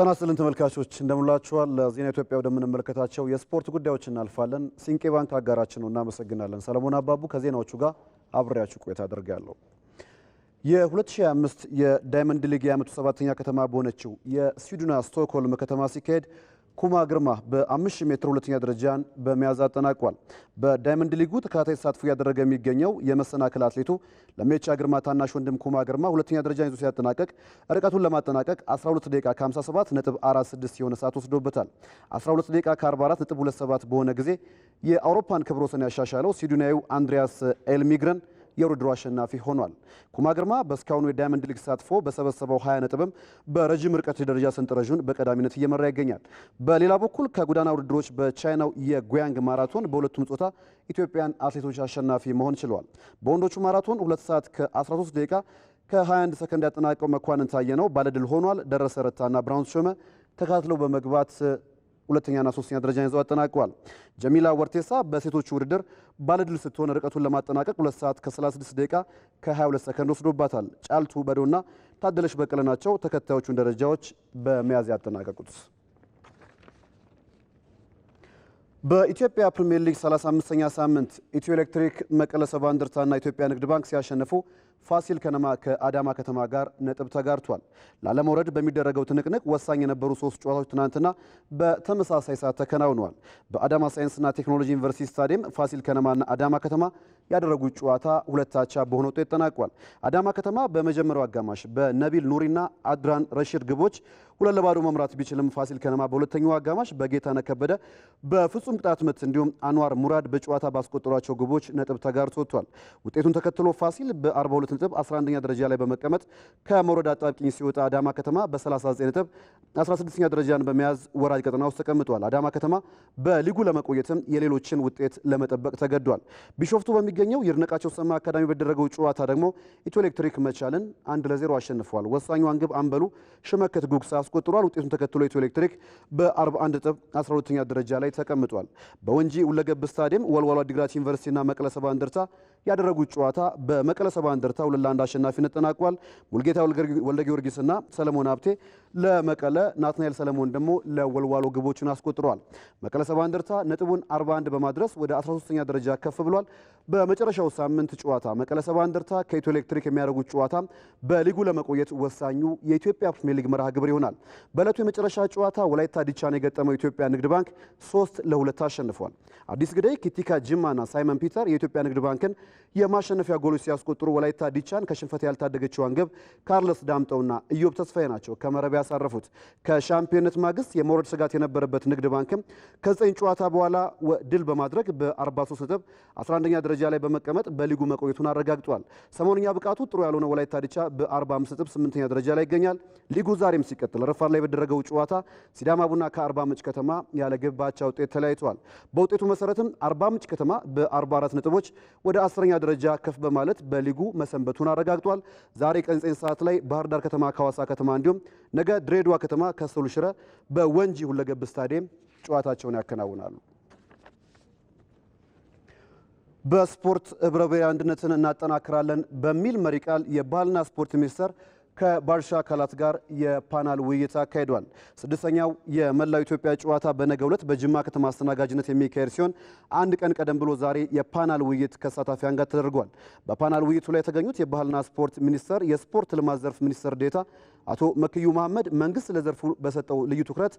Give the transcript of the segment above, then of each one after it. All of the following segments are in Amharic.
ጤና ይስጥልን ተመልካቾች እንደምላችኋል። ለዜና ኢትዮጵያ ወደምንመለከታቸው የስፖርት ጉዳዮች እናልፋለን። ሲንቄ ባንክ አጋራችን ነው፣ እናመሰግናለን። ሰለሞን አባቡ ከዜናዎቹ ጋር አብሬያችሁ ቆይታ አደርጋለሁ። የ2025 የዳይመንድ ሊግ የዓመቱ ሰባተኛ ከተማ በሆነችው የስዊድኗ ስቶክሆልም ከተማ ሲካሄድ ኩማ ግርማ በ5000 ሜትር ሁለተኛ ደረጃን በመያዝ አጠናቋል። በዳይመንድ ሊጉ ተከታታይ ተሳትፎ እያደረገ የሚገኘው የመሰናክል አትሌቱ ለሜቻ ግርማ ታናሽ ወንድም ኩማ ግርማ ሁለተኛ ደረጃን ይዞ ሲያጠናቀቅ ርቀቱን ለማጠናቀቅ 12 ደቂቃ 57 ነጥብ 46 የሆነ ሰዓት ወስዶበታል። 12 ደቂቃ 44 ነጥብ 27 በሆነ ጊዜ የአውሮፓን ክብረ ወሰን ያሻሻለው ስዊድናዊው አንድሪያስ ኤልሚግረን የውድድሩ አሸናፊ ሆኗል። ኩማ ግርማ በእስካሁኑ የዳይመንድ ሊግ ተሳትፎ በሰበሰበው 20 ነጥብም በረጅም ርቀት ደረጃ ሰንጠረዡን በቀዳሚነት እየመራ ይገኛል። በሌላ በኩል ከጎዳና ውድድሮች በቻይናው የጉያንግ ማራቶን በሁለቱም ጾታ ኢትዮጵያን አትሌቶች አሸናፊ መሆን ችለዋል። በወንዶቹ ማራቶን 2 ሰዓት ከ13 ደቂቃ ከ21 ሰከንድ ያጠናቀው መኳንን ታየ ነው ባለድል ሆኗል። ደረሰ ረታና ብራውንስ ሾመ ተካትለው በመግባት ሁለተኛና ሶስተኛ ደረጃ ይዘው አጠናቀዋል። ጀሚላ ወርቴሳ በሴቶቹ ውድድር ባለድል ስትሆን ርቀቱን ለማጠናቀቅ 2 ሰዓት ከ36 ደቂቃ ከ22 ሰከንድ ወስዶባታል። ጫልቱ በዶና ታደለሽ በቀለ ናቸው ተከታዮቹን ደረጃዎች በመያዝ ያጠናቀቁት። በኢትዮጵያ ፕሪምየር ሊግ 35ኛ ሳምንት ኢትዮ ኤሌክትሪክ መቀለ ሰባ እንደርታና ኢትዮጵያ ንግድ ባንክ ሲያሸንፉ ፋሲል ከነማ ከአዳማ ከተማ ጋር ነጥብ ተጋርቷል። ላለመውረድ በሚደረገው ትንቅንቅ ወሳኝ የነበሩ ሶስት ጨዋታዎች ትናንትና በተመሳሳይ ሰዓት ተከናውነዋል። በአዳማ ሳይንስና ቴክኖሎጂ ዩኒቨርሲቲ ስታዲየም ፋሲል ከነማና አዳማ ከተማ ያደረጉት ጨዋታ ሁለታቻ በሆነ ውጤት ተጠናቋል። አዳማ ከተማ በመጀመሪያው አጋማሽ በነቢል ኑሪና አድራን ረሽድ ግቦች ሁለት ለባዶ መምራት ቢችልም ፋሲል ከነማ በሁለተኛው አጋማሽ በጌታነህ ከበደ በፍጹም ቅጣት ምት እንዲሁም አንዋር ሙራድ በጨዋታ ባስቆጠሯቸው ግቦች ነጥብ ተጋርቶ ወጥቷል። ውጤቱን ተከትሎ ፋሲል በ42 በ ነጥብ 11ኛ ደረጃ ላይ በመቀመጥ ከመውረድ አጣብቂኝ ሲወጣ አዳማ ከተማ በ39 ነጥብ 16ኛ ደረጃን በመያዝ ወራጅ ቀጠና ውስጥ ተቀምጧል። አዳማ ከተማ በሊጉ ለመቆየትም የሌሎችን ውጤት ለመጠበቅ ተገዷል። ቢሾፍቱ በሚገኘው ይድነቃቸው ሰማ አካዳሚ በደረገው ጨዋታ ደግሞ ኢትዮ ኤሌክትሪክ መቻልን አንድ ለዜሮ አሸንፏል። ወሳኙ ግብ አንበሉ ሽመከት ጉግሳ አስቆጥሯል። ውጤቱን ተከትሎ ኢትዮ ኤሌክትሪክ በ41 ነጥብ 12ኛ ደረጃ ላይ ተቀምጧል። በወንጂ ሁለገብ ስታዲየም ወልዋሎ አዲግራት ዩኒቨርሲቲና መቀለ ሰባ እንደርታ ያደረጉት ጨዋታ በመቀለ ሰባ እንደርታ በቀጥታ ሁለት ለአንድ አሸናፊነት ጠናቋል። ሙልጌታ ወልደ ጊዮርጊስና ሰለሞን ሀብቴ ለመቀለ፣ ናትናኤል ሰለሞን ደግሞ ለወልዋሎ ግቦችን አስቆጥረዋል። መቀለ ሰባ እንደርታ ነጥቡን 41 በማድረስ ወደ 13ኛ ደረጃ ከፍ ብሏል። በመጨረሻው ሳምንት ጨዋታ መቀለ ሰባ እንደርታ ከኢትዮ ኤሌክትሪክ የሚያደርጉት ጨዋታ በሊጉ ለመቆየት ወሳኙ የኢትዮጵያ ፕሪሚየር ሊግ መርሃ ግብር ይሆናል። በእለቱ የመጨረሻ ጨዋታ ወላይታ ዲቻን የገጠመው ኢትዮጵያ ንግድ ባንክ ሶስት ለሁለት አሸንፏል። አዲስ ግዳይ፣ ኪቲካ ጅማና ሳይመን ፒተር የኢትዮጵያ ንግድ ባንክን የማሸነፊያ ጎሎች ሲያስቆጥሩ ወላይታ ዲቻን ከሽንፈት ያልታደገችዋን ግብ ካርለስ ዳምጠውና ኢዮብ ተስፋዬ ናቸው ከመረብ ያሳረፉት። ከሻምፒዮንነት ማግስት የመውረድ ስጋት የነበረበት ንግድ ባንክም ከዘጠኝ ጨዋታ በኋላ ድል በማድረግ በ43 ነጥብ 11ኛ ደረጃ ላይ በመቀመጥ በሊጉ መቆየቱን አረጋግጧል። ሰሞንኛ ብቃቱ ጥሩ ያልሆነ ወላይታ ዲቻ በ45 ነጥብ 8ኛ ደረጃ ላይ ይገኛል። ሊጉ ዛሬም ሲቀጥል ረፋድ ላይ በደረገው ጨዋታ ሲዳማ ቡና ከአርባ ምንጭ ከተማ ያለ ግብ ባቻ ውጤት ተለያይቷል። በውጤቱ መሰረትም አርባ ምንጭ ከተማ በ44 ነጥቦች ወደ ኛ ደረጃ ከፍ በማለት በሊጉ መሰረት መሰንበቱን አረጋግጧል። ዛሬ ቀን 9 ሰዓት ላይ ባህር ዳር ከተማ ከሐዋሳ ከተማ እንዲሁም ነገ ድሬዳዋ ከተማ ከሰሉ ሽረ በወንጂ ሁለገብ ስታዲየም ጨዋታቸውን ያከናውናሉ። በስፖርት ህብረ ብሔራዊ አንድነትን እናጠናክራለን በሚል መሪ ቃል የባህልና ስፖርት ሚኒስቴር ከባልሻ አካላት ጋር የፓናል ውይይት አካሂዷል። ስድስተኛው የመላው ኢትዮጵያ ጨዋታ በነገው ዕለት በጅማ ከተማ አስተናጋጅነት የሚካሄድ ሲሆን አንድ ቀን ቀደም ብሎ ዛሬ የፓናል ውይይት ከሳታፊያን ጋር ተደርጓል። በፓናል ውይይቱ ላይ የተገኙት የባህልና ስፖርት ሚኒስቴር የስፖርት ልማት ዘርፍ ሚኒስትር ዴኤታ አቶ መክዩ መሐመድ መንግስት ለዘርፉ በሰጠው ልዩ ትኩረት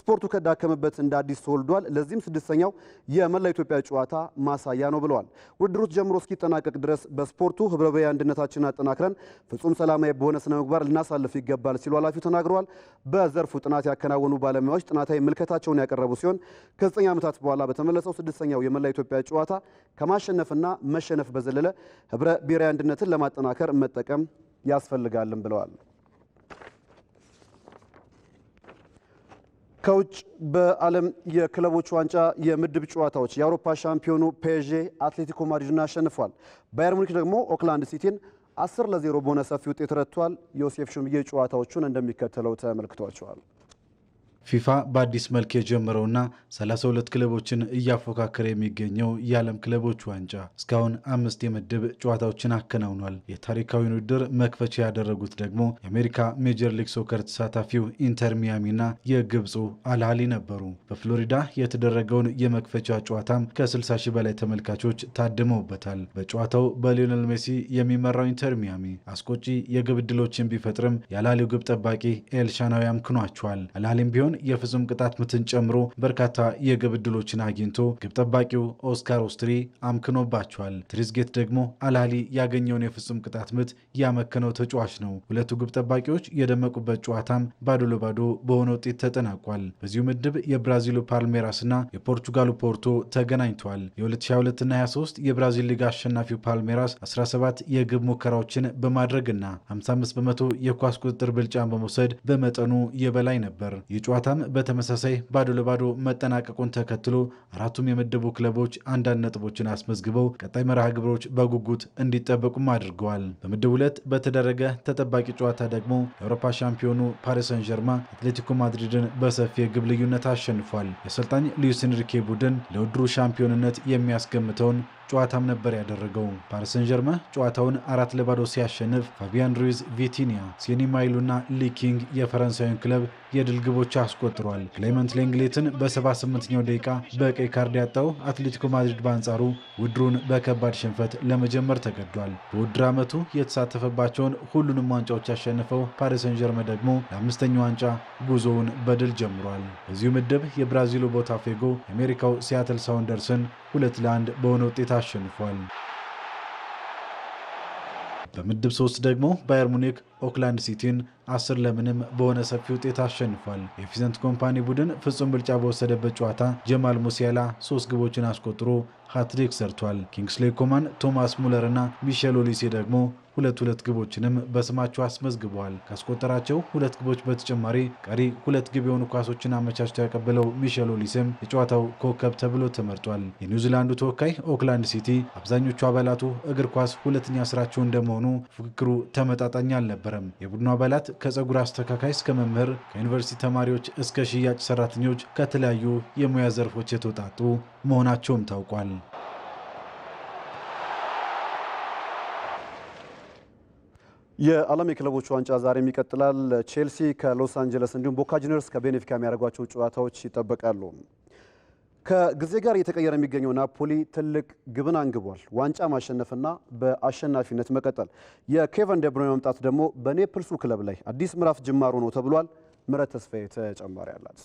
ስፖርቱ ከዳከመበት እንደ አዲስ ተወልዷል፣ ለዚህም ስድስተኛው የመላው ኢትዮጵያ ጨዋታ ማሳያ ነው ብለዋል። ውድድሩ ጀምሮ እስኪጠናቀቅ ድረስ በስፖርቱ ህብረ ብሔራዊ አንድነታችንን አጠናክረን ፍጹም ሰላማዊ በሆነ ስነ ምግባር ልናሳልፍ ይገባል ሲሉ ኃላፊው ተናግረዋል። በዘርፉ ጥናት ያከናወኑ ባለሙያዎች ጥናታዊ ምልከታቸውን ያቀረቡ ሲሆን ከዘጠኝ ዓመታት በኋላ በተመለሰው ስድስተኛው የመላ ኢትዮጵያ ጨዋታ ከማሸነፍና መሸነፍ በዘለለ ህብረ ብሔራዊ አንድነትን ለማጠናከር መጠቀም ያስፈልጋልም ብለዋል። ከውጭ በዓለም የክለቦች ዋንጫ የምድብ ጨዋታዎች የአውሮፓ ሻምፒዮኑ ፔዤ አትሌቲኮ ማድሪድን አሸንፏል። ባየር ሙኒክ ደግሞ ኦክላንድ ሲቲን አስር ለዜሮ በሆነ ሰፊ ውጤት ረቷል። ዮሴፍ ሹምዬ ጨዋታዎቹን እንደሚከተለው ተመልክቷቸዋል። ፊፋ በአዲስ መልክ የጀመረውና 32 ክለቦችን እያፎካከረ የሚገኘው የዓለም ክለቦች ዋንጫ እስካሁን አምስት የምድብ ጨዋታዎችን አከናውኗል። የታሪካዊን ውድድር መክፈቻ ያደረጉት ደግሞ የአሜሪካ ሜጀር ሊግ ሶከር ተሳታፊው ኢንተር ሚያሚና የግብፁ አልሃሊ ነበሩ። በፍሎሪዳ የተደረገውን የመክፈቻ ጨዋታም ከ60 ሺህ በላይ ተመልካቾች ታድመውበታል። በጨዋታው በሊዮኔል ሜሲ የሚመራው ኢንተር ሚያሚ አስቆጪ የግብ ዕድሎችን ቢፈጥርም የአልአሊው ግብ ጠባቂ ኤልሻናዊ አምክኗቸዋል። አልአሊም ቢሆን ሲሆን የፍጹም ቅጣት ምትን ጨምሮ በርካታ የግብ ዕድሎችን አግኝቶ ግብ ጠባቂው ኦስካር ኦስትሪ አምክኖባቸዋል። ትሪዝጌት ደግሞ አላሊ ያገኘውን የፍጹም ቅጣት ምት ያመከነው ተጫዋች ነው። ሁለቱ ግብ ጠባቂዎች የደመቁበት ጨዋታም ባዶ ለባዶ በሆነ ውጤት ተጠናቋል። በዚሁ ምድብ የብራዚሉ ፓልሜራስና የፖርቹጋሉ ፖርቶ ተገናኝተዋል። የ2022ና 23 የብራዚል ሊግ አሸናፊው ፓልሜራስ 17 የግብ ሙከራዎችን በማድረግና 55 በመቶ የኳስ ቁጥጥር ብልጫን በመውሰድ በመጠኑ የበላይ ነበር። የጨዋታ ጨዋታም በተመሳሳይ ባዶ ለባዶ መጠናቀቁን ተከትሎ አራቱም የምድቡ ክለቦች አንዳንድ ነጥቦችን አስመዝግበው ቀጣይ መርሃ ግብሮች በጉጉት እንዲጠበቁም አድርገዋል። በምድብ ሁለት በተደረገ ተጠባቂ ጨዋታ ደግሞ የአውሮፓ ሻምፒዮኑ ፓሪስ ሰን ጀርማ አትሌቲኮ ማድሪድን በሰፊ የግብ ልዩነት አሸንፏል። የአሰልጣኝ ሉዊስ ኤንሪኬ ቡድን ለውድሩ ሻምፒዮንነት የሚያስገምተውን ጨዋታም ነበር ያደረገው። ፓሪሰን ጀርመ ጨዋታውን አራት ለባዶ ሲያሸንፍ ፋቢያን ሩዝ ቪቲኒያ፣ ሲኒማይሉና ሊኪንግ የፈረንሳዩን ክለብ የድል ግቦች አስቆጥሯል። ክሌመንት ሌንግሌትን በ78ኛው ደቂቃ በቀይ ካርድ ያጣው አትሌቲኮ ማድሪድ በአንጻሩ ውድሩን በከባድ ሽንፈት ለመጀመር ተገዷል። በውድር ዓመቱ የተሳተፈባቸውን ሁሉንም ዋንጫዎች ያሸንፈው ፓሪሰን ጀርመ ደግሞ ለአምስተኛው ዋንጫ ጉዞውን በድል ጀምሯል። በዚሁ ምድብ የብራዚሉ ቦታፌጎ የአሜሪካው ሲያትል ሳውንደርስን ሁለት ለአንድ በሆነ ውጤት አሸንፏል። በምድብ ሶስት ደግሞ ባየር ሙኒክ ኦክላንድ ሲቲን አስር ለምንም በሆነ ሰፊ ውጤት አሸንፏል። የፊዘንት ኮምፓኒ ቡድን ፍጹም ብልጫ በወሰደበት ጨዋታ ጀማል ሙሲያላ ሶስት ግቦችን አስቆጥሮ ሃትሪክ ሰርቷል። ኪንግስሌ ኮማን፣ ቶማስ ሙለር እና ሚሼል ኦሊሴ ደግሞ ሁለት ሁለት ግቦችንም በስማቸው አስመዝግበዋል። ካስቆጠራቸው ሁለት ግቦች በተጨማሪ ቀሪ ሁለት ግብ የሆኑ ኳሶችን አመቻችቶ ያቀበለው ሚሼል ኦሊሴም የጨዋታው ኮከብ ተብሎ ተመርጧል። የኒውዚላንዱ ተወካይ ኦክላንድ ሲቲ አብዛኞቹ አባላቱ እግር ኳስ ሁለተኛ ስራቸው እንደመሆኑ ፉክክሩ ተመጣጣኝ አልነበረም። የቡድኑ አባላት ከፀጉር አስተካካይ እስከ መምህር፣ ከዩኒቨርሲቲ ተማሪዎች እስከ ሽያጭ ሰራተኞች ከተለያዩ የሙያ ዘርፎች የተውጣጡ መሆናቸውም ታውቋል። የዓለም የክለቦች ዋንጫ ዛሬም ይቀጥላል። ቼልሲ ከሎስ አንጀለስ እንዲሁም ቦካ ጁኒየርስ ከቤኔፊካ የሚያደርጓቸው ጨዋታዎች ይጠበቃሉ። ከጊዜ ጋር እየተቀየረ የሚገኘው ናፖሊ ትልቅ ግብን አንግቧል። ዋንጫ ማሸነፍና በአሸናፊነት መቀጠል። የኬቨን ደብሮ መምጣት ደግሞ በኔፕልሱ ክለብ ላይ አዲስ ምዕራፍ ጅማሮ ነው ተብሏል። ምረት ተስፋዬ ተጨማሪ አላት።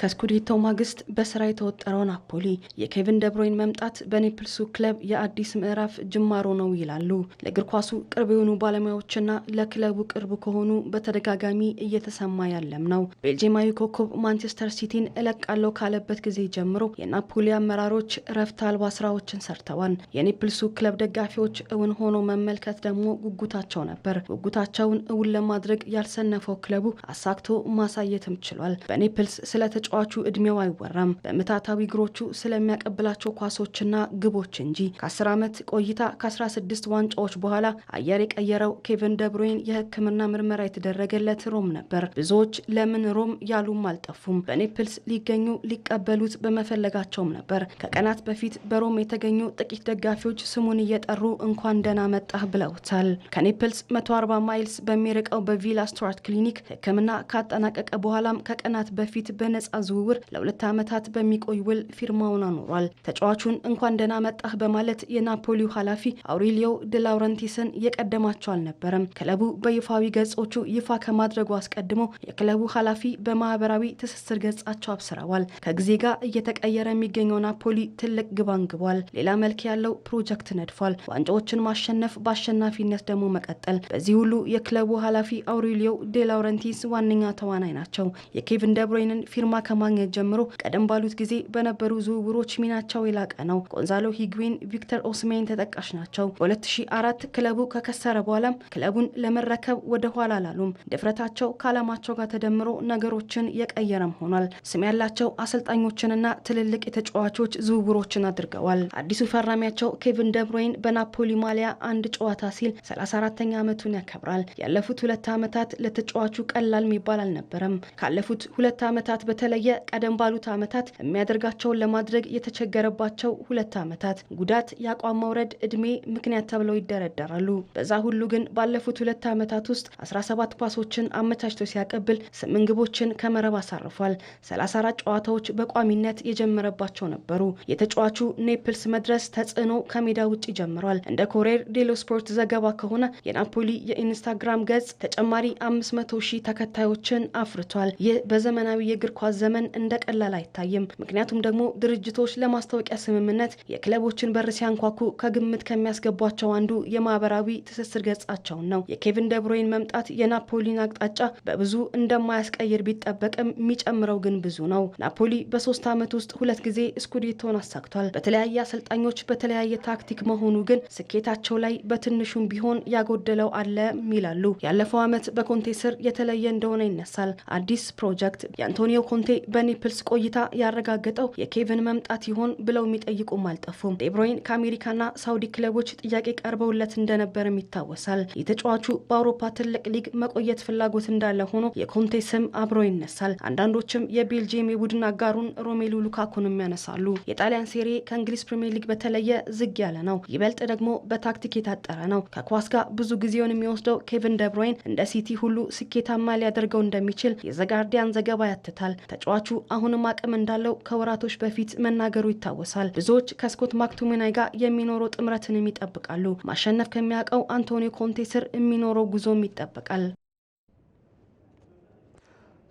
ከስኩዴቶ ማግስት በስራ የተወጠረው ናፖሊ የኬቪን ደብሮይን መምጣት በኔፕልሱ ክለብ የአዲስ ምዕራፍ ጅማሮ ነው ይላሉ ለእግር ኳሱ ቅርብ የሆኑ ባለሙያዎችና ለክለቡ ቅርብ ከሆኑ በተደጋጋሚ እየተሰማ ያለም ነው። ቤልጅማዊ ኮከብ ማንቸስተር ሲቲን እለቃለሁ ካለበት ጊዜ ጀምሮ የናፖሊ አመራሮች እረፍት አልባ ስራዎችን ሰርተዋል። የኔፕልሱ ክለብ ደጋፊዎች እውን ሆኖ መመልከት ደግሞ ጉጉታቸው ነበር። ጉጉታቸውን እውን ለማድረግ ያልሰነፈው ክለቡ አሳክቶ ማሳየትም ችሏል። በኔፕልስ ስለተጫ ተጫዋቹ እድሜው አይወራም። በምታታዊ እግሮቹ ስለሚያቀብላቸው ኳሶችና ግቦች እንጂ ከ10 ዓመት ቆይታ ከ16 ዋንጫዎች በኋላ አየር የቀየረው ኬቨን ደብሮይን የሕክምና ምርመራ የተደረገለት ሮም ነበር። ብዙዎች ለምን ሮም ያሉም አልጠፉም። በኔፕልስ ሊገኙ ሊቀበሉት በመፈለጋቸውም ነበር። ከቀናት በፊት በሮም የተገኙ ጥቂት ደጋፊዎች ስሙን እየጠሩ እንኳን ደህና መጣህ ብለውታል። ከኔፕልስ 140 ማይልስ በሚርቀው በቪላ ስቱዋርት ክሊኒክ ሕክምና ካጠናቀቀ በኋላም ከቀናት በፊት በነጻ ዝውውር ለሁለት ዓመታት በሚቆይ ውል ፊርማውን አኖሯል። ተጫዋቹን እንኳን ደህና መጣህ በማለት የናፖሊው ኃላፊ አውሬሊዮ ደላውረንቲስን የቀደማቸው አልነበረም። ክለቡ በይፋዊ ገጾቹ ይፋ ከማድረጉ አስቀድሞ የክለቡ ኃላፊ በማህበራዊ ትስስር ገጻቸው አብስረዋል። ከጊዜ ጋር እየተቀየረ የሚገኘው ናፖሊ ትልቅ ግብ አንግቧል። ሌላ መልክ ያለው ፕሮጀክት ነድፏል። ዋንጫዎችን ማሸነፍ፣ በአሸናፊነት ደግሞ መቀጠል። በዚህ ሁሉ የክለቡ ኃላፊ አውሬሊዮ ዴላውረንቲስ ዋነኛ ተዋናይ ናቸው። የኬቪን ደብሮይንን ፊርማ ከማግኘት ጀምሮ ቀደም ባሉት ጊዜ በነበሩ ዝውውሮች ሚናቸው የላቀ ነው። ጎንዛሎ ሂግዌን ቪክተር ኦስሜን ተጠቃሽ ናቸው። በ2004 ክለቡ ከከሰረ በኋላም ክለቡን ለመረከብ ወደ ኋላ አላሉም። ድፍረታቸው ከዓላማቸው ጋር ተደምሮ ነገሮችን የቀየረም ሆኗል። ስም ያላቸው አሰልጣኞችንና ትልልቅ የተጫዋቾች ዝውውሮችን አድርገዋል። አዲሱ ፈራሚያቸው ኬቪን ደብሮይን በናፖሊ ማሊያ አንድ ጨዋታ ሲል 34ተኛ ዓመቱን ያከብራል። ያለፉት ሁለት ዓመታት ለተጫዋቹ ቀላል የሚባል አልነበረም። ካለፉት ሁለት ዓመታት በተለይ እየቆየ ቀደም ባሉት ዓመታት የሚያደርጋቸውን ለማድረግ የተቸገረባቸው ሁለት ዓመታት ጉዳት፣ የአቋም መውረድ፣ እድሜ ምክንያት ተብለው ይደረደራሉ። በዛ ሁሉ ግን ባለፉት ሁለት ዓመታት ውስጥ 17 ኳሶችን አመቻችቶ ሲያቀብል ስምንት ግቦችን ከመረብ አሳርፏል። 34 ጨዋታዎች በቋሚነት የጀመረባቸው ነበሩ። የተጫዋቹ ኔፕልስ መድረስ ተጽዕኖ ከሜዳ ውጭ ጀምሯል። እንደ ኮሬር ዴሎ ስፖርት ዘገባ ከሆነ የናፖሊ የኢንስታግራም ገጽ ተጨማሪ 500 ሺህ ተከታዮችን አፍርቷል። ይህ በዘመናዊ የእግር ኳስ ዘመን እንደ ቀላል አይታይም። ምክንያቱም ደግሞ ድርጅቶች ለማስታወቂያ ስምምነት የክለቦችን በር ሲያንኳኩ ከግምት ከሚያስገቧቸው አንዱ የማህበራዊ ትስስር ገጻቸውን ነው። የኬቪን ደብሮይን መምጣት የናፖሊን አቅጣጫ በብዙ እንደማያስቀይር ቢጠበቅም የሚጨምረው ግን ብዙ ነው። ናፖሊ በሶስት ዓመት ውስጥ ሁለት ጊዜ ስኩዴቶን አሳክቷል። በተለያየ አሰልጣኞች በተለያየ ታክቲክ መሆኑ ግን ስኬታቸው ላይ በትንሹም ቢሆን ያጎደለው አለ ይላሉ። ያለፈው ዓመት በኮንቴ ስር የተለየ እንደሆነ ይነሳል። አዲስ ፕሮጀክት የአንቶኒዮ ኮንቴ ዶናቴ በኔፕልስ ቆይታ ያረጋገጠው የኬቨን መምጣት ይሆን ብለው የሚጠይቁም አልጠፉም። ዴብሮይን ከአሜሪካና ሳውዲ ክለቦች ጥያቄ ቀርበውለት እንደነበርም ይታወሳል። የተጫዋቹ በአውሮፓ ትልቅ ሊግ መቆየት ፍላጎት እንዳለ ሆኖ የኮንቴ ስም አብሮ ይነሳል። አንዳንዶችም የቤልጂየም የቡድን አጋሩን ሮሜሉ ሉካኩንም ያነሳሉ። የጣሊያን ሴሬ ከእንግሊዝ ፕሪምየር ሊግ በተለየ ዝግ ያለ ነው። ይበልጥ ደግሞ በታክቲክ የታጠረ ነው። ከኳስ ጋር ብዙ ጊዜውን የሚወስደው ኬቨን ደብሮይን እንደ ሲቲ ሁሉ ስኬታማ ሊያደርገው እንደሚችል የዘጋርዲያን ዘገባ ያትታል። ተጫዋቹ አሁንም አቅም እንዳለው ከወራቶች በፊት መናገሩ ይታወሳል። ብዙዎች ከስኮት ማክቱሚናይ ጋር የሚኖረው ጥምረትንም ይጠብቃሉ። ማሸነፍ ከሚያውቀው አንቶኒዮ ኮንቴ ስር የሚኖረው ጉዞም ይጠበቃል።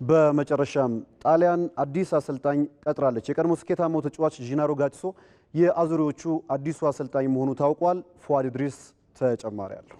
በመጨረሻም ጣሊያን አዲስ አሰልጣኝ ቀጥራለች። የቀድሞ ስኬታማው ተጫዋች ጂናሮ ጋጭሶ የአዙሪዎቹ አዲሱ አሰልጣኝ መሆኑ ታውቋል። ፉአድ ድሪስ ተጨማሪ አለሁ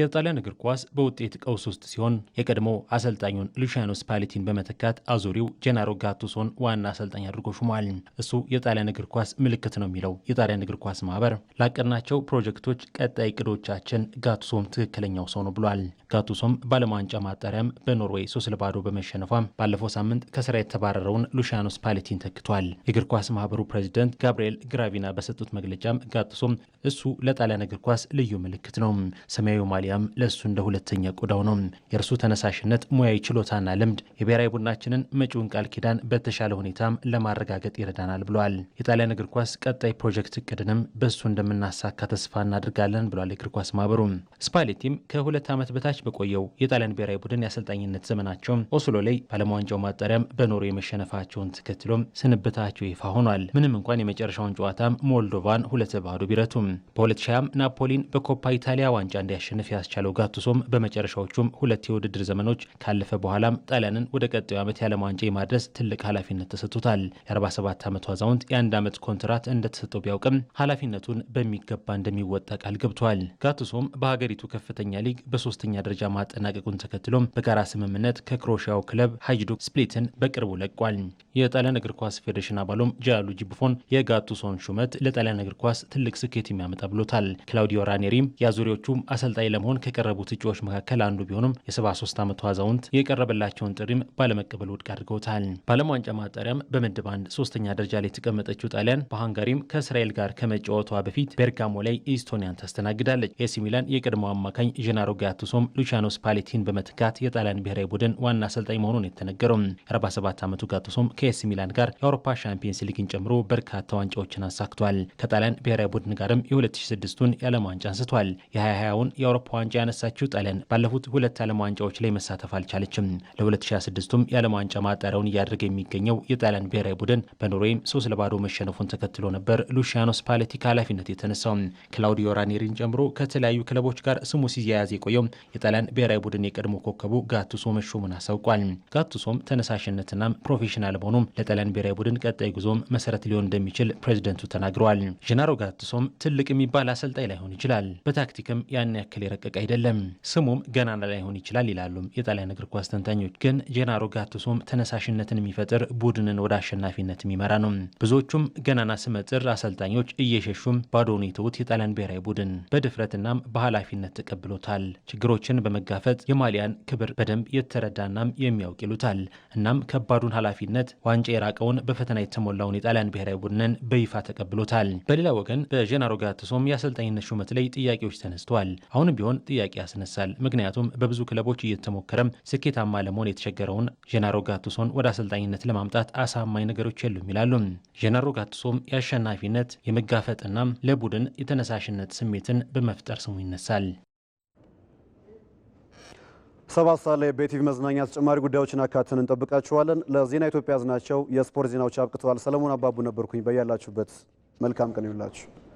የጣሊያን እግር ኳስ በውጤት ቀውስ ውስጥ ሲሆን የቀድሞ አሰልጣኙን ሉሺያኖ ስፓሌቲን በመተካት አዙሪው ጄናሮ ጋቱሶን ዋና አሰልጣኝ አድርጎ ሹሟል። እሱ የጣሊያን እግር ኳስ ምልክት ነው የሚለው የጣሊያን እግር ኳስ ማህበር ላቀድናቸው ፕሮጀክቶች፣ ቀጣይ እቅዶቻችን ጋቱሶም ትክክለኛው ሰው ነው ብሏል። ጋቱሶም በዓለም ዋንጫ ማጣሪያም በኖርዌይ ሶስት ለባዶ በመሸነፏ ባለፈው ሳምንት ከስራ የተባረረውን ሉሺያኖ ስፓሌቲን ተክቷል። የእግር ኳስ ማህበሩ ፕሬዚደንት ጋብርኤል ግራቪና በሰጡት መግለጫም ጋቱሶም እሱ ለጣሊያን እግር ኳስ ልዩ ምልክት ነው ሰማያዊ ማሊያም ለእሱ እንደ ሁለተኛ ቆዳው ነው። የእርሱ ተነሳሽነት፣ ሙያዊ ችሎታና ልምድ የብሔራዊ ቡድናችንን መጪውን ቃል ኪዳን በተሻለ ሁኔታም ለማረጋገጥ ይረዳናል ብለዋል። የጣሊያን እግር ኳስ ቀጣይ ፕሮጀክት እቅድንም በእሱ እንደምናሳካ ተስፋ እናድርጋለን ብለዋል እግር ኳስ ማህበሩ። ስፓሌቲም ከሁለት ዓመት በታች በቆየው የጣሊያን ብሔራዊ ቡድን የአሰልጣኝነት ዘመናቸው ኦስሎ ላይ በዓለም ዋንጫው ማጣሪያም በኖሮ የመሸነፋቸውን ተከትሎም ስንብታቸው ይፋ ሆኗል። ምንም እንኳን የመጨረሻውን ጨዋታም ሞልዶቫን ሁለት ባዶ ቢረቱም በ2020 ናፖሊን በኮፓ ኢታሊያ ዋንጫ እንዲያሸንፍ ማለፍ ያስቻለው ጋቱሶም በመጨረሻዎቹም ሁለት የውድድር ዘመኖች ካለፈ በኋላም ጣሊያንን ወደ ቀጣዩ ዓመት የዓለም ዋንጫ የማድረስ ትልቅ ኃላፊነት ተሰጥቶታል። የ47 ዓመቱ አዛውንት የአንድ ዓመት ኮንትራት እንደተሰጠው ቢያውቅም ኃላፊነቱን በሚገባ እንደሚወጣ ቃል ገብቷል። ጋቱሶም በሀገሪቱ ከፍተኛ ሊግ በሶስተኛ ደረጃ ማጠናቀቁን ተከትሎም በጋራ ስምምነት ከክሮሽያው ክለብ ሃጅዱክ ስፕሊትን በቅርቡ ለቋል። የጣሊያን እግር ኳስ ፌዴሬሽን አባሉም ጂያንሉጂ ቡፎን የጋቱሶን ሹመት ለጣሊያን እግር ኳስ ትልቅ ስኬት የሚያመጣ ብሎታል። ክላውዲዮ ራኔሪም የአዙሪዎቹም አሰልጣኝ ለመሆን ከቀረቡት እጩዎች መካከል አንዱ ቢሆኑም የ73 ዓመቱ አዛውንት የቀረበላቸውን ጥሪም ባለመቀበል ውድቅ አድርገውታል። በዓለም ዋንጫ ማጣሪያም በምድብ አንድ ሶስተኛ ደረጃ ላይ የተቀመጠችው ጣሊያን በሃንጋሪም ከእስራኤል ጋር ከመጫወቷ በፊት ቤርጋሞ ላይ ኢስቶኒያን ታስተናግዳለች። ኤሲ ሚላን የቀድሞው አማካኝ ጀናሮ ጋቱሶም ሉቻኖ ስፓሌቲን በመተካት የጣሊያን ብሔራዊ ቡድን ዋና አሰልጣኝ መሆኑን የተነገረው 47 ዓመቱ ጋቱሶም ከኤሲ ሚላን ጋር የአውሮፓ ሻምፒየንስ ሊግን ጨምሮ በርካታ ዋንጫዎችን አሳክቷል። ከጣሊያን ብሔራዊ ቡድን ጋርም የ2006ቱን የዓለም ዋንጫ አንስቷል። የ2020ውን የአውሮ ዋንጫ ያነሳችው ጣሊያን ባለፉት ሁለት ዓለም ዋንጫዎች ላይ መሳተፍ አልቻለችም። ለ2026ቱም የዓለም ዋንጫ ማጣሪያውን እያደረገ የሚገኘው የጣሊያን ብሔራዊ ቡድን በኖርዌይም ሶስት ለባዶ መሸነፉን ተከትሎ ነበር ሉሺያኖ ስፓሌቲ ከኃላፊነት የተነሳው። ክላውዲዮ ራኔሪን ጨምሮ ከተለያዩ ክለቦች ጋር ስሙ ሲያያዝ የቆየው የጣሊያን ብሔራዊ ቡድን የቀድሞ ኮከቡ ጋቱሶ መሾሙን አሳውቋል። ጋቱሶም ተነሳሽነትና ፕሮፌሽናል መሆኑም ለጣሊያን ብሔራዊ ቡድን ቀጣይ ጉዞም መሰረት ሊሆን እንደሚችል ፕሬዚደንቱ ተናግረዋል። ጀናሮ ጋቱሶም ትልቅ የሚባል አሰልጣኝ ላይሆን ይችላል፣ በታክቲክም ያን ያክል የሚለቀቅ አይደለም፣ ስሙም ገናና ላይሆን ይችላል ይላሉ የጣሊያን እግር ኳስ ተንታኞች። ግን ጄናሮ ጋቱሶም ተነሳሽነትን የሚፈጥር ቡድንን ወደ አሸናፊነት የሚመራ ነው። ብዙዎቹም ገናና ስመጥር አሰልጣኞች እየሸሹም ባዶን የተዉት የጣሊያን ብሔራዊ ቡድን በድፍረትናም በኃላፊነት ተቀብሎታል። ችግሮችን በመጋፈጥ የማሊያን ክብር በደንብ የተረዳናም የሚያውቅ ይሉታል። እናም ከባዱን ኃላፊነት ዋንጫ የራቀውን በፈተና የተሞላውን የጣሊያን ብሔራዊ ቡድንን በይፋ ተቀብሎታል። በሌላ ወገን በጄናሮ ጋቱሶም የአሰልጣኝነት ሹመት ላይ ጥያቄዎች ተነስተዋል። አሁንም ቢሆን እንደሚሆን ጥያቄ ያስነሳል። ምክንያቱም በብዙ ክለቦች እየተሞከረም ስኬታማ ለመሆን የተቸገረውን ጀናሮ ጋቱሶን ወደ አሰልጣኝነት ለማምጣት አሳማኝ ነገሮች የሉም ይላሉ። ጀናሮ ጋቱሶም የአሸናፊነት የመጋፈጥና ለቡድን የተነሳሽነት ስሜትን በመፍጠር ስሙ ይነሳል። ሰባት ሰዓት ላይ በኢቲቪ መዝናኛ ተጨማሪ ጉዳዮችን አካተን እንጠብቃችኋለን። ለዜና ኢትዮጵያ ያዝናቸው የስፖርት ዜናዎች አብቅተዋል። ሰለሞን አባቡ ነበርኩኝ። በያላችሁበት መልካም ቀን ይሁንላችሁ።